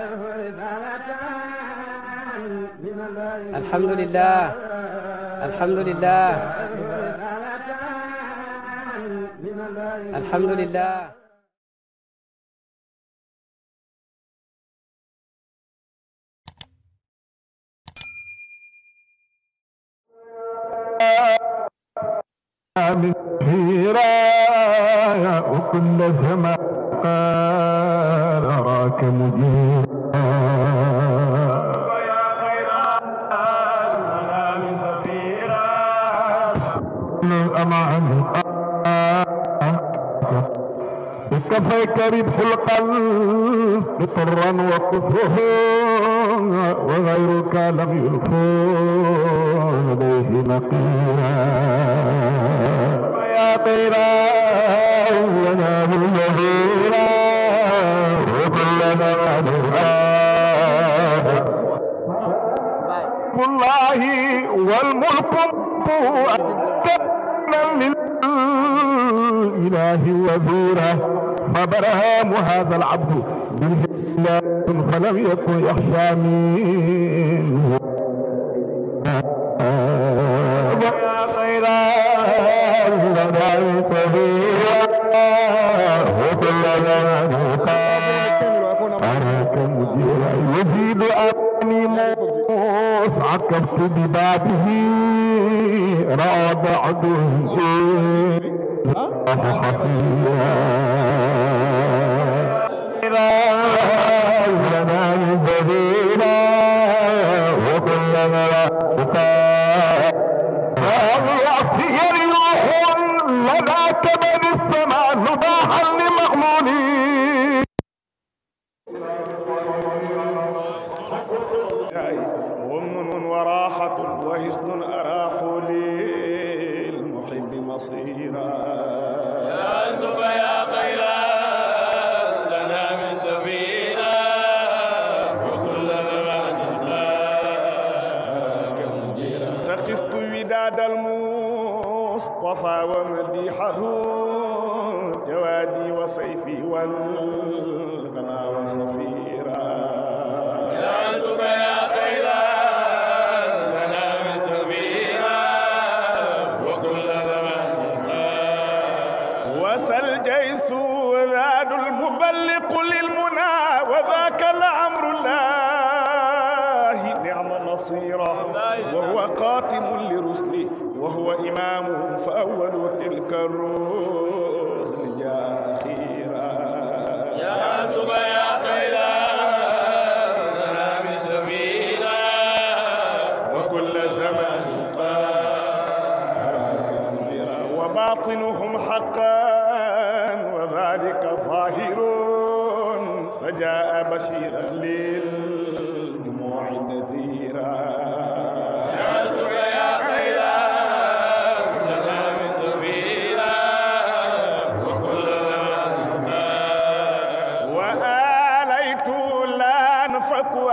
alhamdulilah alhamdulilah alhamdulilah وكل فما قال راك مجيب كفيك ربح القلب طرا وكفه وغيرك لم يكن لديه نقيرا يا طيرا ينام الظهيرا الله والملك للإله وزورا فبرهام هذا العبد بالله فلم يكن يخشى منه يا خير الله يزيد أبني موس عكفت ببابه رأى بعده حفيا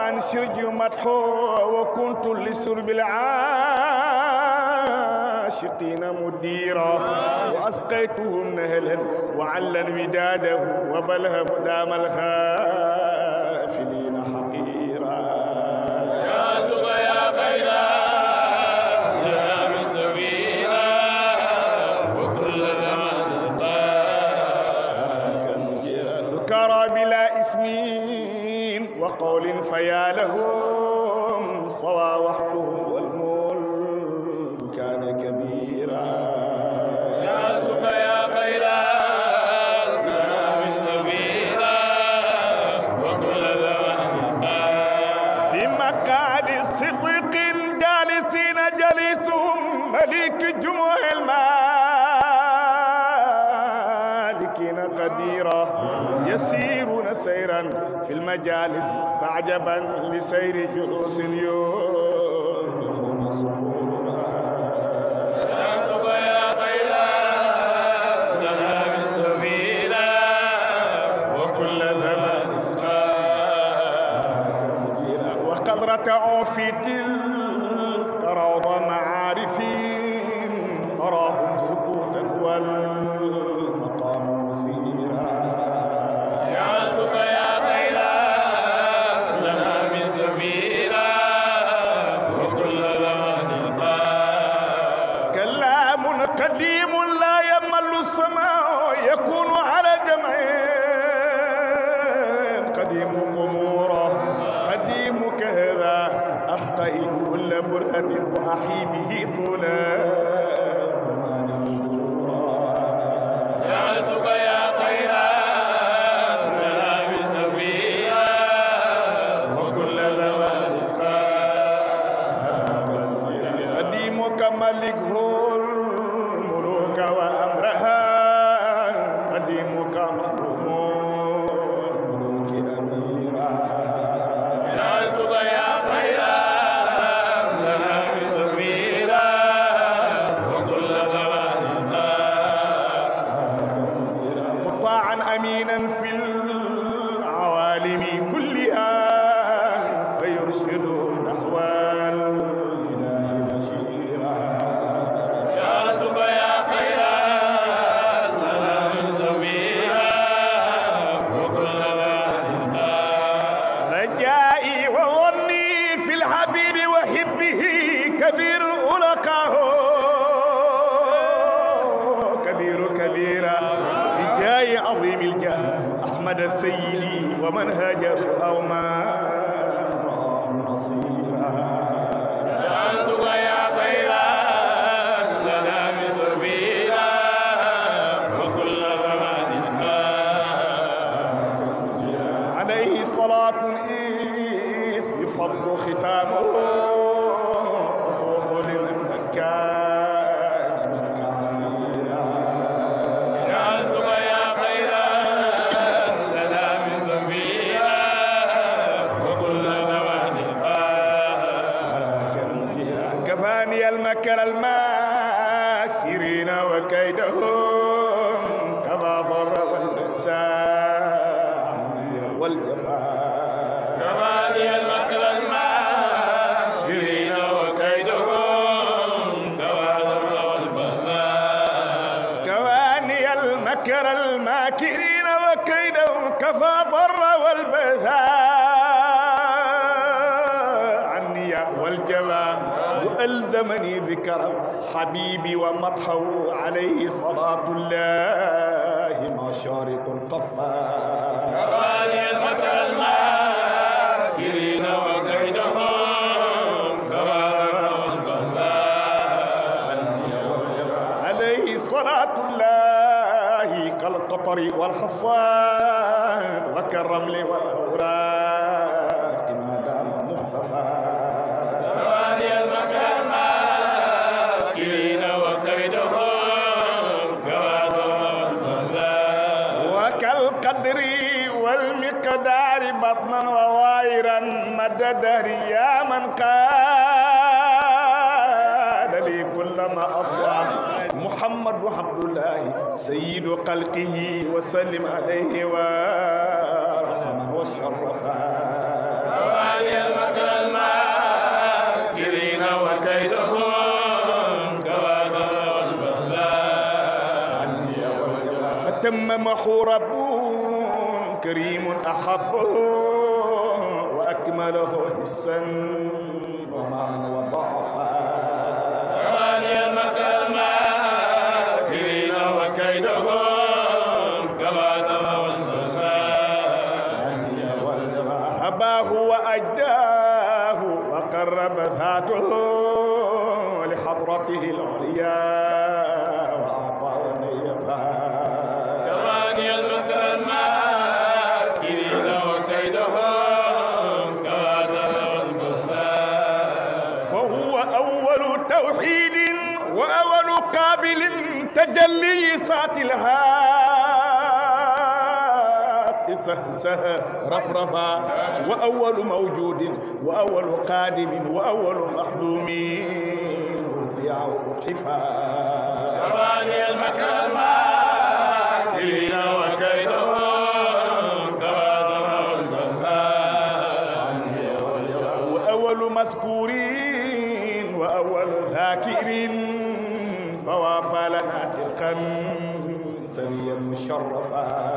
عن سرج مدحو وكنت لسرب العاشقين مديرا وأسقيتهم نهلا وعلا وداده وبلها دام الخير يسيرون سيرا في المجالس فعجبا لسير جلوس يوم سحورا ركعوا في تلك روض معارفين تراهم سكوتا والمقام سيرا قديم الماء ألزمني بكرم حبيبي ومدحه عليه صلاة الله ما شارق القفار كفاني المدح الماكرين وكيدهم صلاة الله كالقطر والحصان وكالرمل والأوراق والمقدار بطنا وظاهرا مدى دهري يا من قال لي كلما أصلح محمد عبد الله سيد خلقه وسلم عليه ورحمه وشرفه وعلي المكرمين وكيدهم فتممه رب كريم أحبه وأكمله حسا ومعنى وطاعة سهسه رفرفا وأول موجود وأول قادم وأول مخدوم يا حفا توالي المكرمة إلينا وكيدهم وأول مسكورين وأول ذاكرين فوافى لنا تلك سريا مشرفا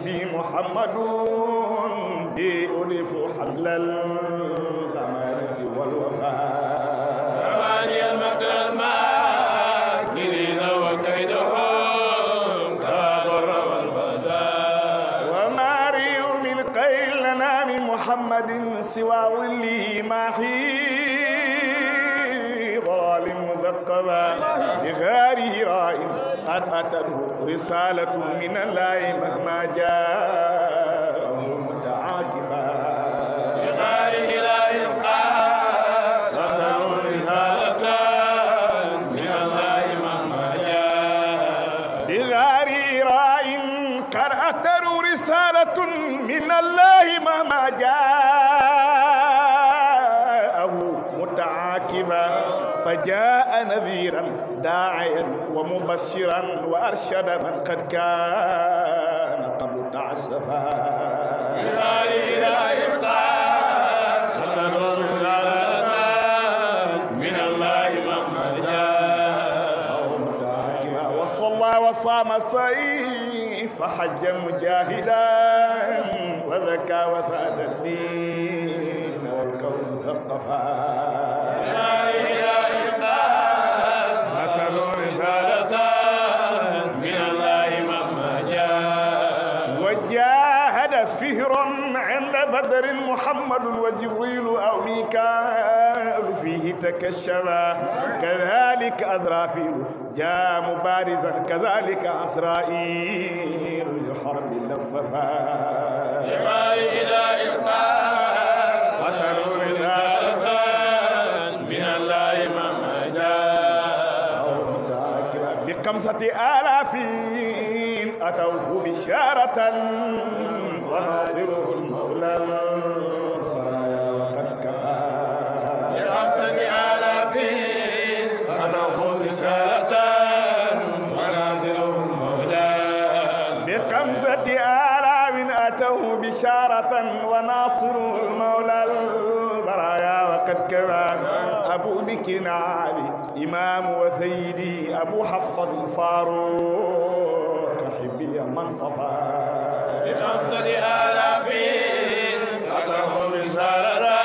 حبيبي محمد ألف حبل الأمانة والوفاء ثمانية المقدر الماكرين وكيدهم كابر والفساد وماري من قيل لنا من محمد سوى ظله ماحي ظالم مثقبا لغاره رائم قد أتى رسالة من الله مهما جاء متعاكفا لغير إله قال رسالة من الله مهما جاء لغير راء قرأت رسالة من الله مهما جاء متعاكفا فجاء نذيرا داعيا مبشرا وارشد من قد كان قبل تعسفا لا اله الا وصام صيف حج مجاهدا وذكى وثاد الدين والكون ثقفا بدر محمد وجبريل أو ميكال فيه تكشفا كذلك أذرافيل جاء مبارزا كذلك أسرائيل الحرب لففا لما إلى إبقاء وتنور الألقان من الله ما جاء بخمسة آلاف أتوه بشارة وناصره مدحة وناصر المولى البرايا وقد كذا أبو بكر علي إمام وسيدي أبو حفص الفاروق حبي من صفى بخمسة آلاف أتهم رسالة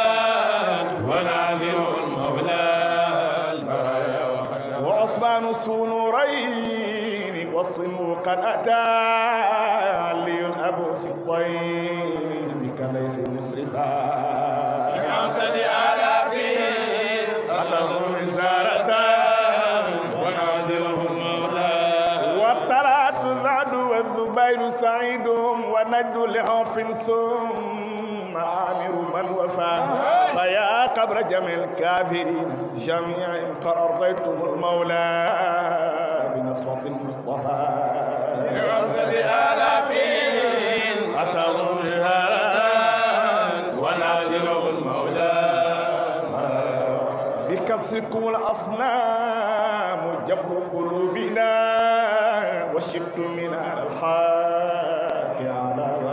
وناظر المولى البرايا وقد وعثمان السنورين والصنو قد أتى علي أبو سطين المجد لحرف ثم عامر من وفى فيا قبر جميع الكافرين جميعا قد ارضيتم المولى بنصرة المصطفى بعثة آلاف أتوا بهذا وناصره المولى بكسركم الأصنام جبر قلوبنا وشبت من الحال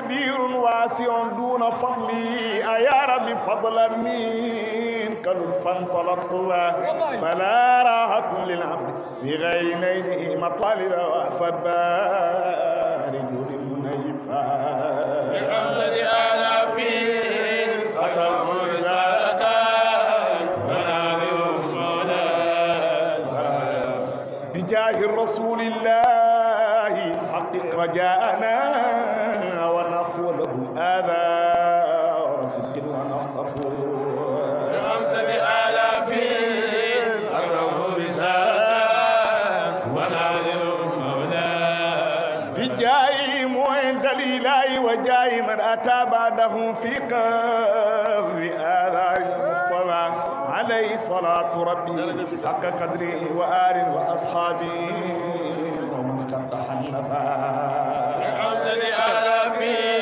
كبير واسع دون فضلي أيا رب فضلا منك فانطلقت فلا راحة للعبد بغير نيله مطالب وأفد بارج المنيفات جاه رسول الله حقق رجاءه وجاي من أتى بعده في قلب آثار المصطفى عليه صلاة ربي حق قدري وآل وأصحابي ومن قد تحنفا لحسن آلافي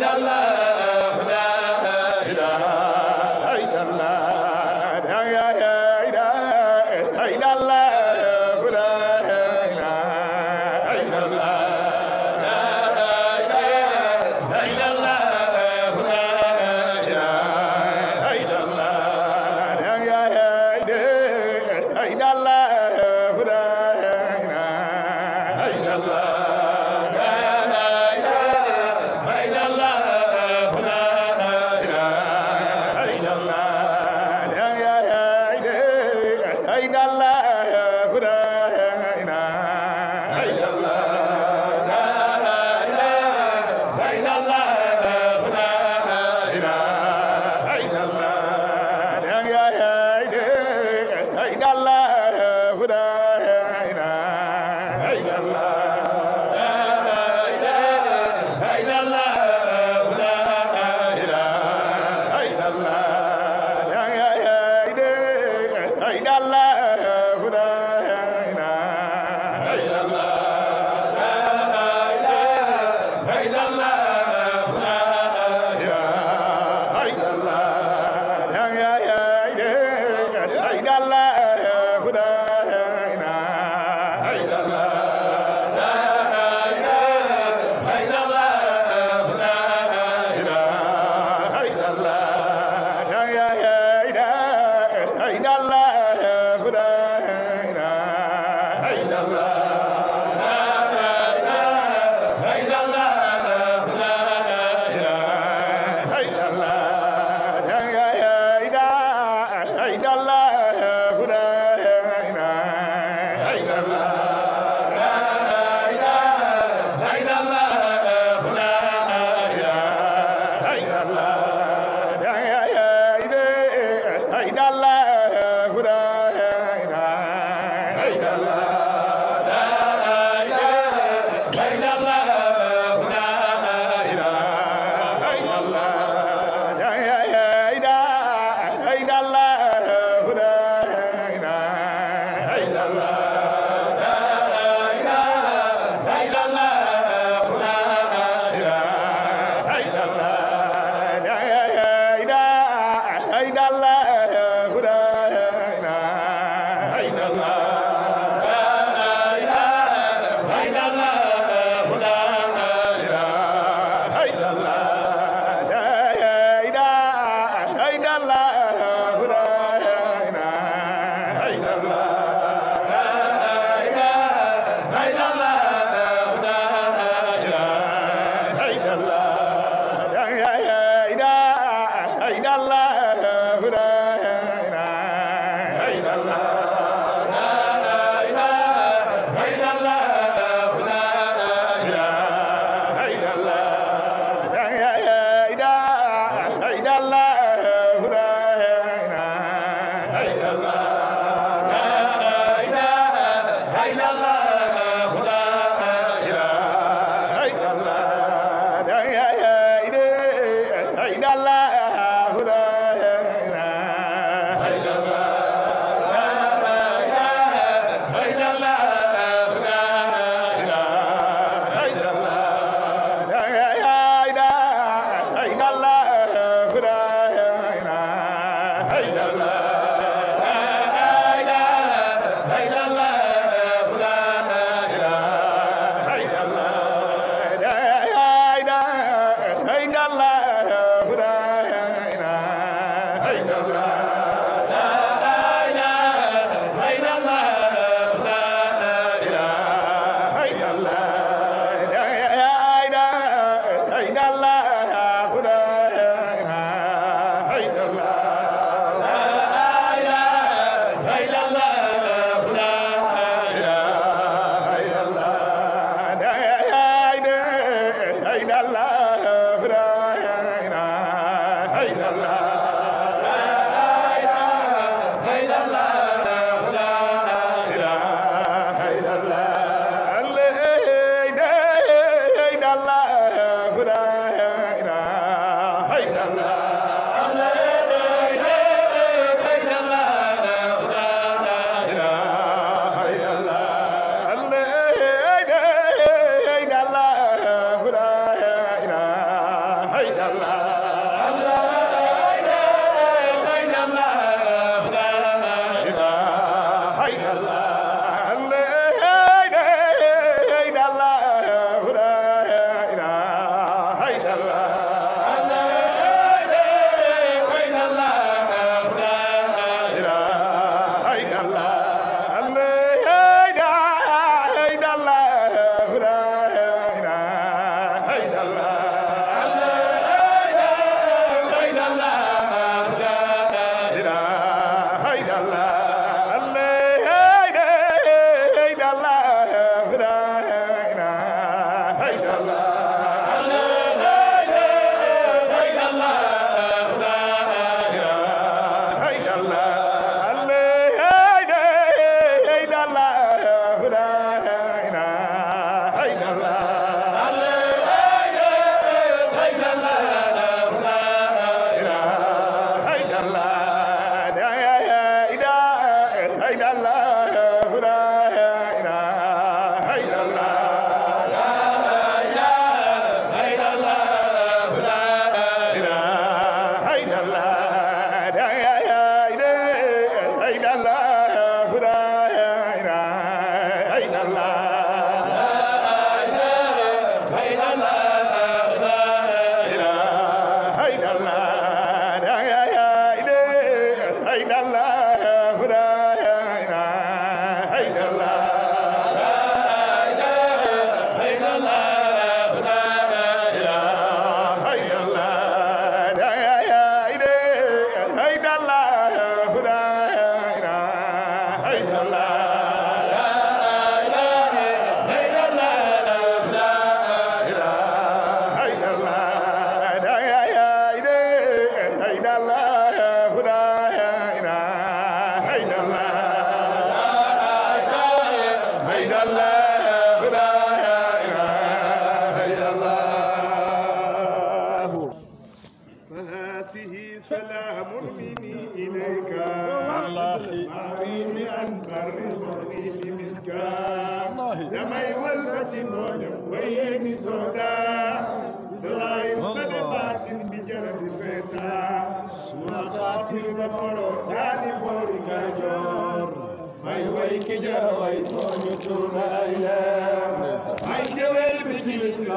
la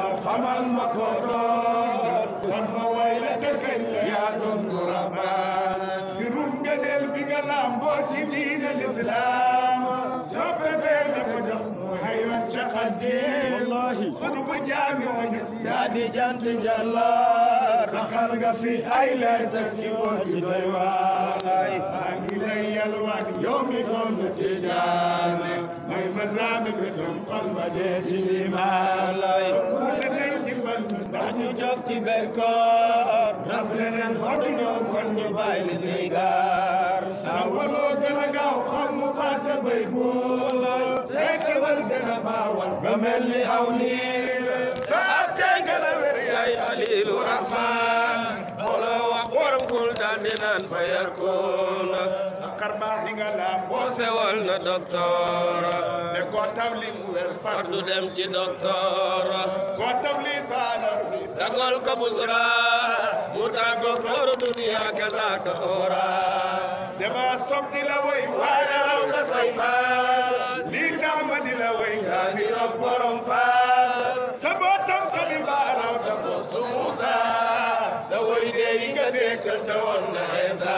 دار قمل مكودار كم ويلك كي يا دون ربان سرون جدل بقلام بوشي دين الإسلام سوف بينك جخم حيوان شخدين والله خرب جامع يا دي جانت جلال سخر قصي أيلا تكسي وحدي ديوان Abdoulaye maa ngi lay yalwaan yow mi doon Tijaane may ma saami bëtum xol ba dee si lii maa lay ndax ñu jóg ci ber koor raf leneen xoduñu kon ñu li ñuy gaar saa gën a gaaw xol mu fàtte bay buulay sekk wal gën a baawal ba mel ni aw nii sa atte gën a wér yaay alilu rahman bokkul daal di naan fa yakun sa xar baax nga la boo sewal na docteur ne koo tabli mu wér far du dem ci docteur koo tabli saana dagol ko busra mu taa docteur duniya kazaka ora dama sopp di la way waaye raw nga say baas ya dekkal ta wannan yasa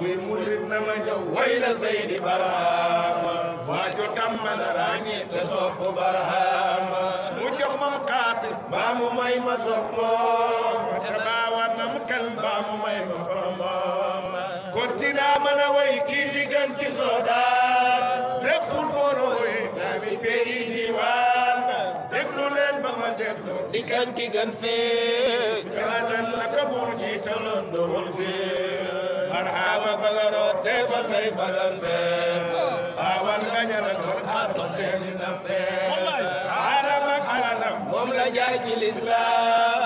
kuy murit na ma jaw way la saydi barhama waajo kammala ràññee te sopp barhama mu ma xaatir baa mu may ma sopp moom te baawa nam kal baa mu may ma fa moom ko dinaa mën a kii di ci soodaa di kañ ki gan fee la ka buur jiitaloon duhul fee marhaama bagaroo tee ba say bagan fee awan nga ñalaloon aar ba seeni na fee aadama alalam moom la jaay ci lislaam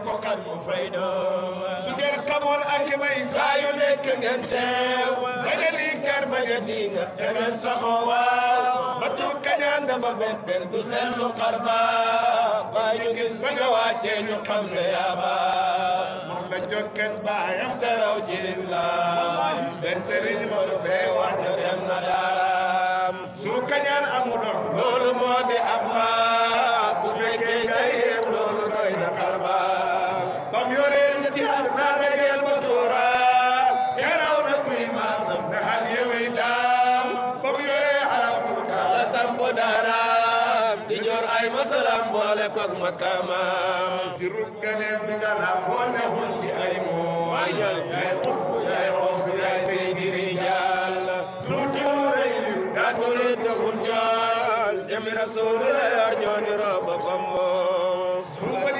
ko xar mu fay doon. su ngeen xamoon ak may saa yu nekk ngeen teew. bañ a liikaar bañ a diinga te ngeen saxoo waaw. batu kañaan dama benn benn bu seetlu xar baa. waa ñu gis ba nga wàccee ñu xam ne yaa baa. wax la jokkeen baayam te raw ci lislaam. benn sëriñ moo du fee wax na dem na daaraam. su kañaan amu doon. loolu moo di am baa. su fekkee daxal yëwee daam ba mu yoree xarafu la sampo daaraam di joor ay masalam boole koog makamaam si rub ganeem bi nga boole xun ci ay moom yaay xubb yaay xoos yaay say diri jaal tuuti rëy la yor ñoo ni fam moom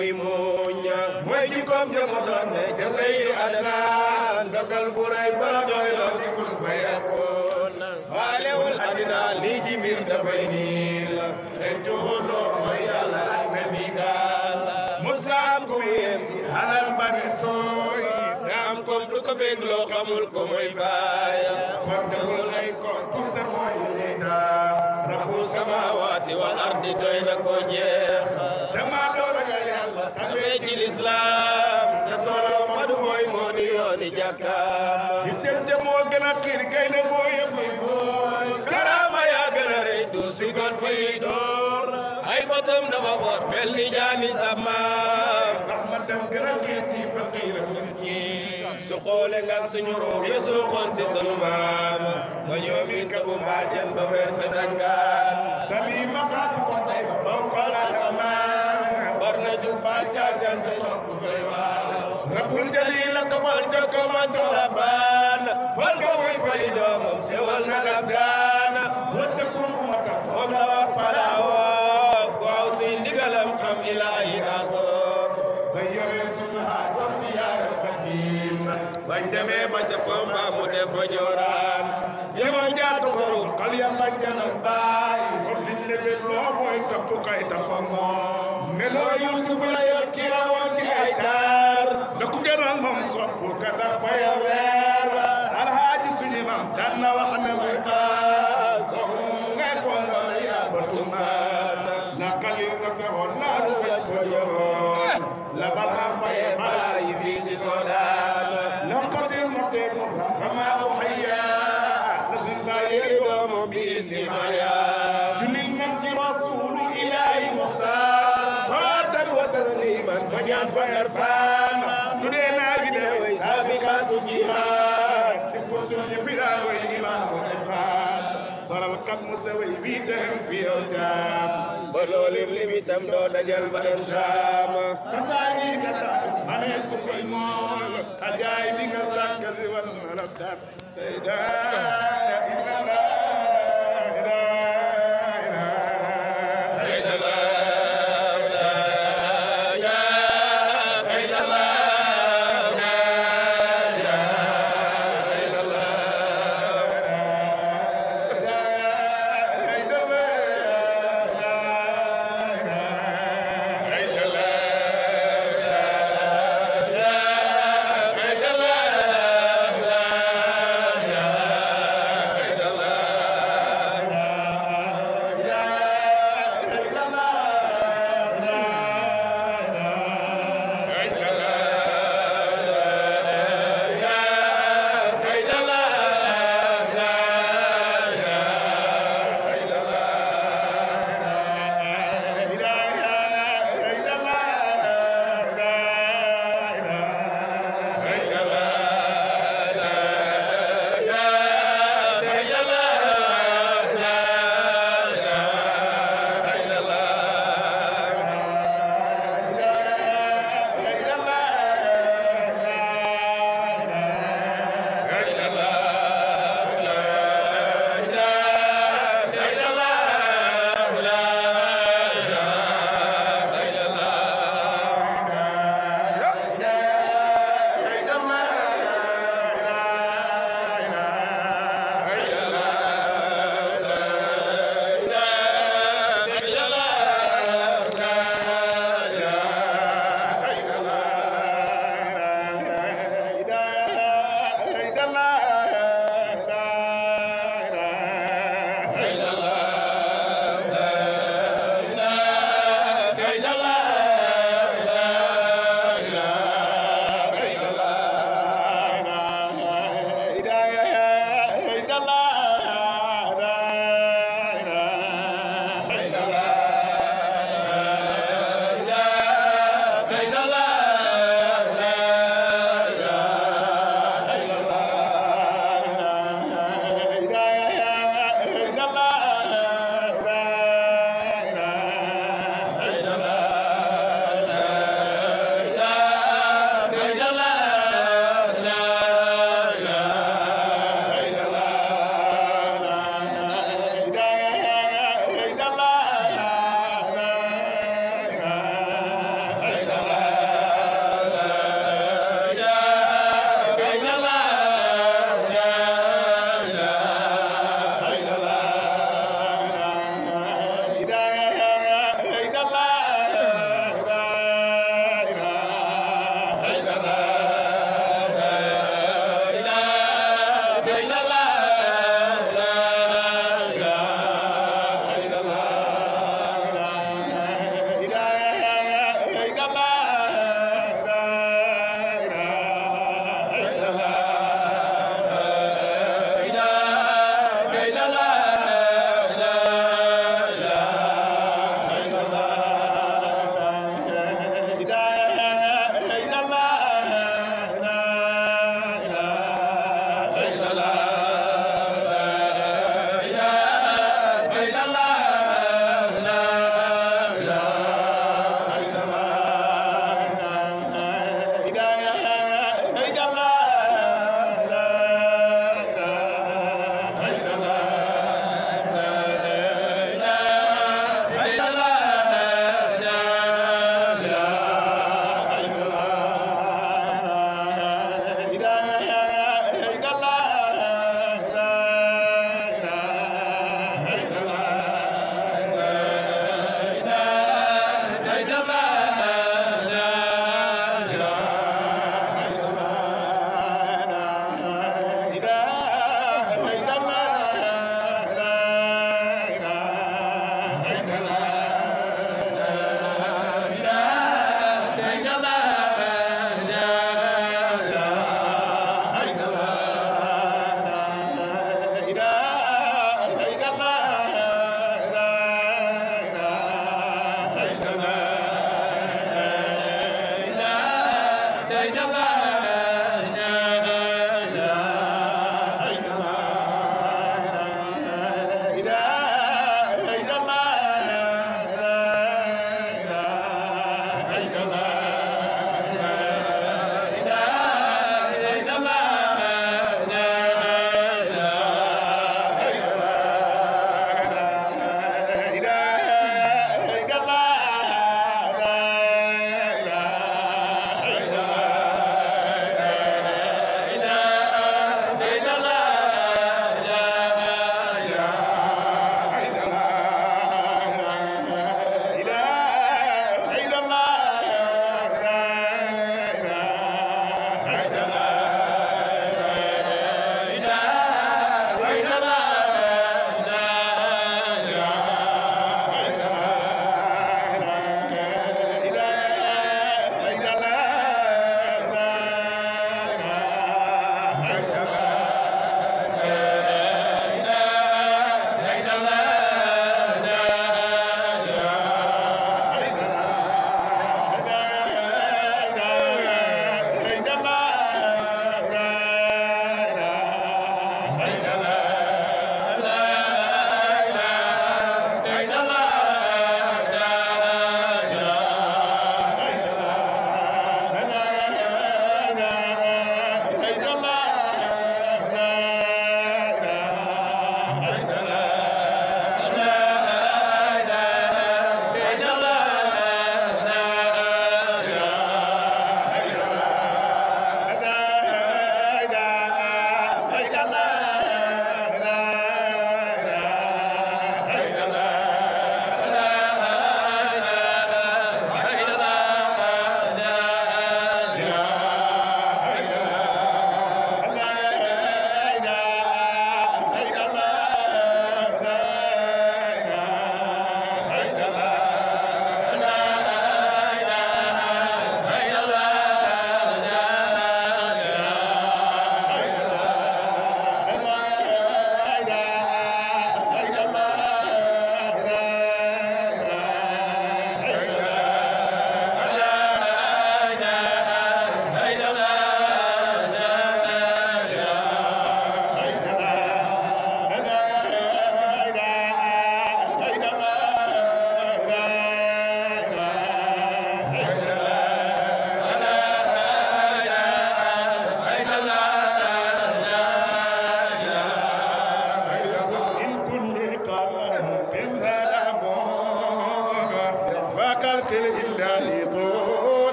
muy muñ mooy jikkoom ja mu doon ne ca saytu adnaan dogal bu rëy bala doy law ci kun fayakoon waalewul adina lii ci mbir dafay niil xëccuwul loo mooy yàlla ak memikaan musta am ku mu yem ci xalal ba ne sooy nga am kom du ko bég loo xamul ko mooy faaya fontewul ay kon kunta mooy liita rabbu samawaati wal ardi doy na ko jeex lislaam te ci faqiir nga suñu roog yi su xoon si sunu maam ba ñoo mi ba weer sa dangaan mu ba jaganta shakku sai ba rabbul jalil kamal jakaman to rabbana fal kawai farida mabsewal na rabbana wata kun mata wala falawa fawzi digalam kam ilahi aso bayyana sunha wasiyar qadim ban dame mace pomba mu def joran yema jaatu ko xal ya ban janam bay loo mooy e topp kay toppam moom meloo e Yuusuf e la yor ki rawoon ci ay taar da ku gënal moom sopp ka dafa yor leer alhaaji suñu maam daan na wax ne mooy taar فيرفان تدين أجد سابقات الجهاد تقوسون يفرا وإمام الإرفان waral kat mu saway bii tam fi yow jaam ba loolu li bi tam doo dajal ba dem saama kasaani kasa manee su koy mool ajaay bi nga sàkk si wal na la dar tey daa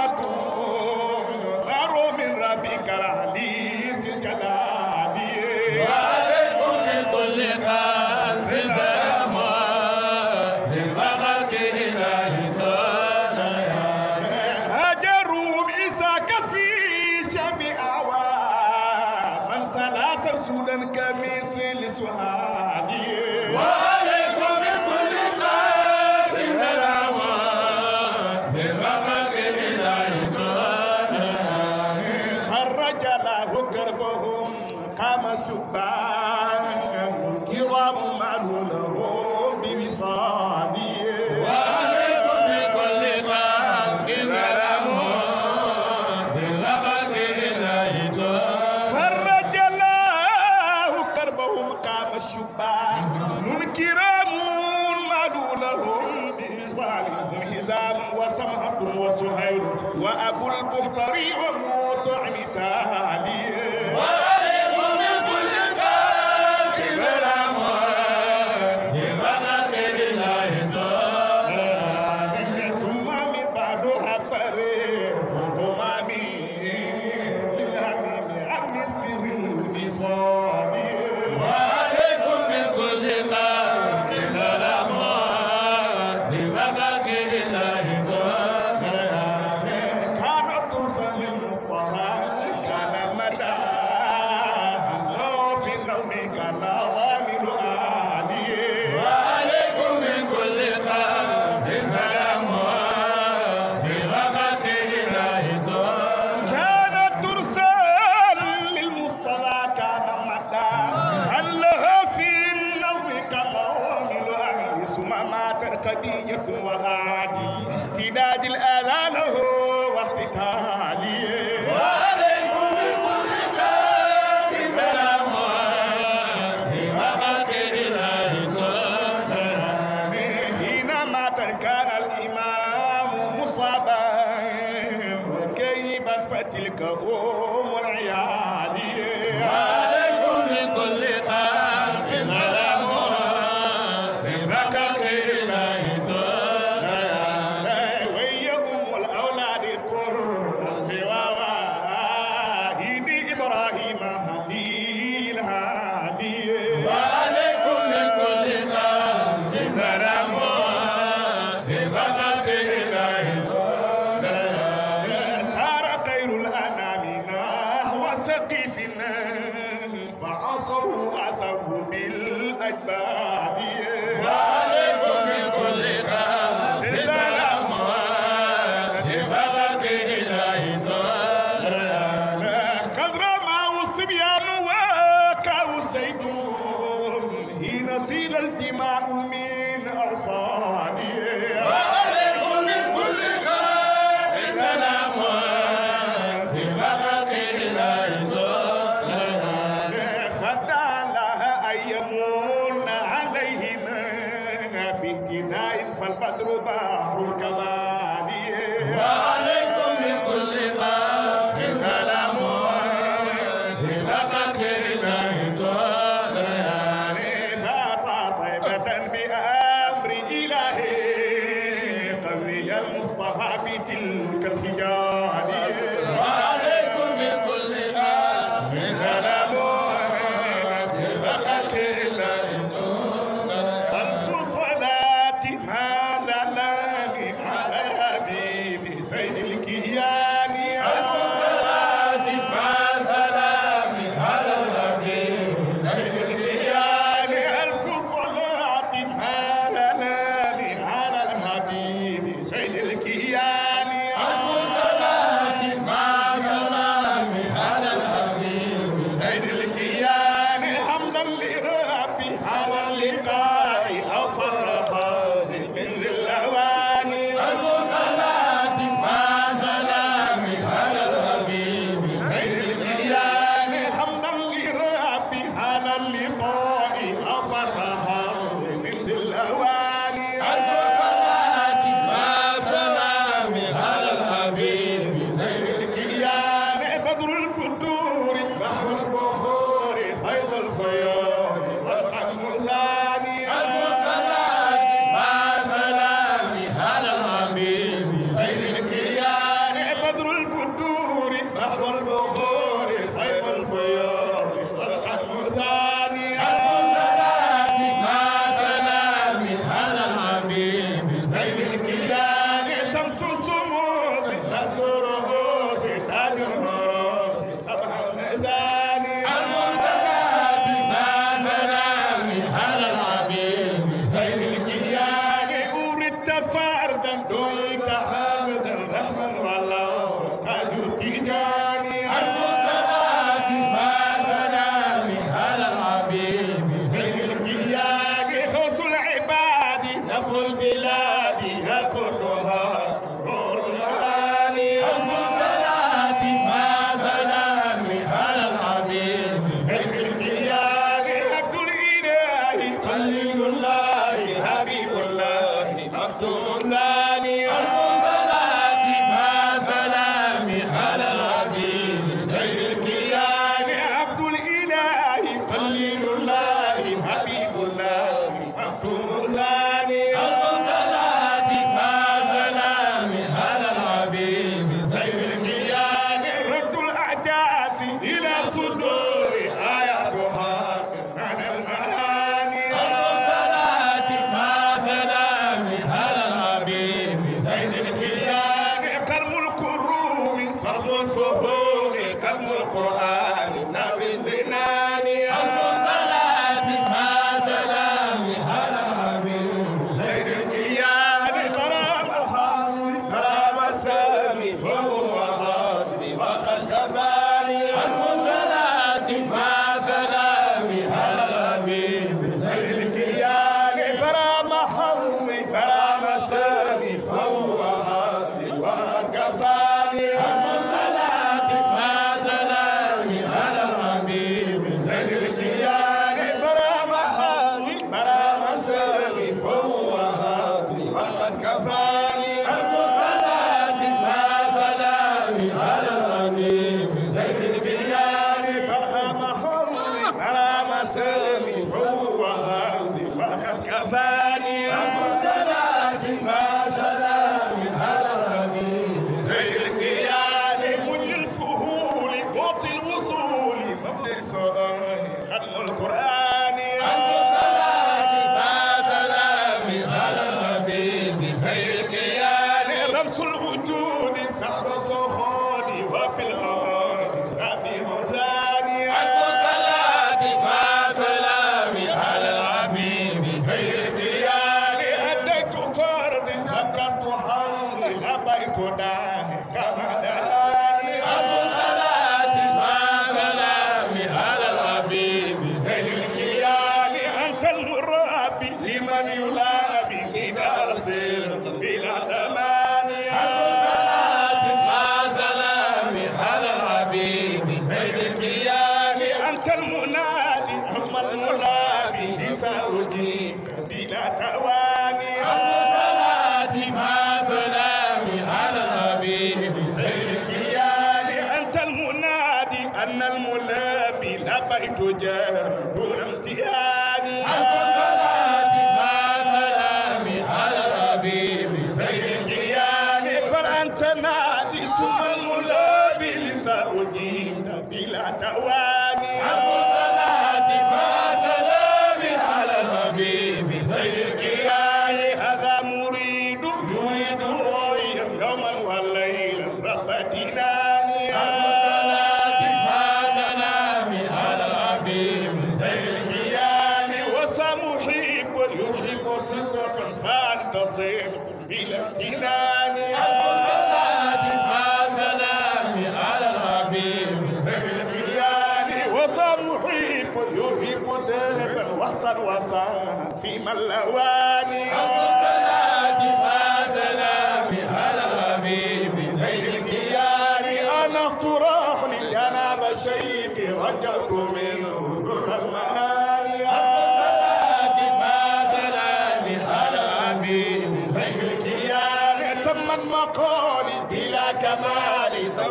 salaatu البحر كما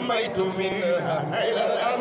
سميت منها إلى الأبد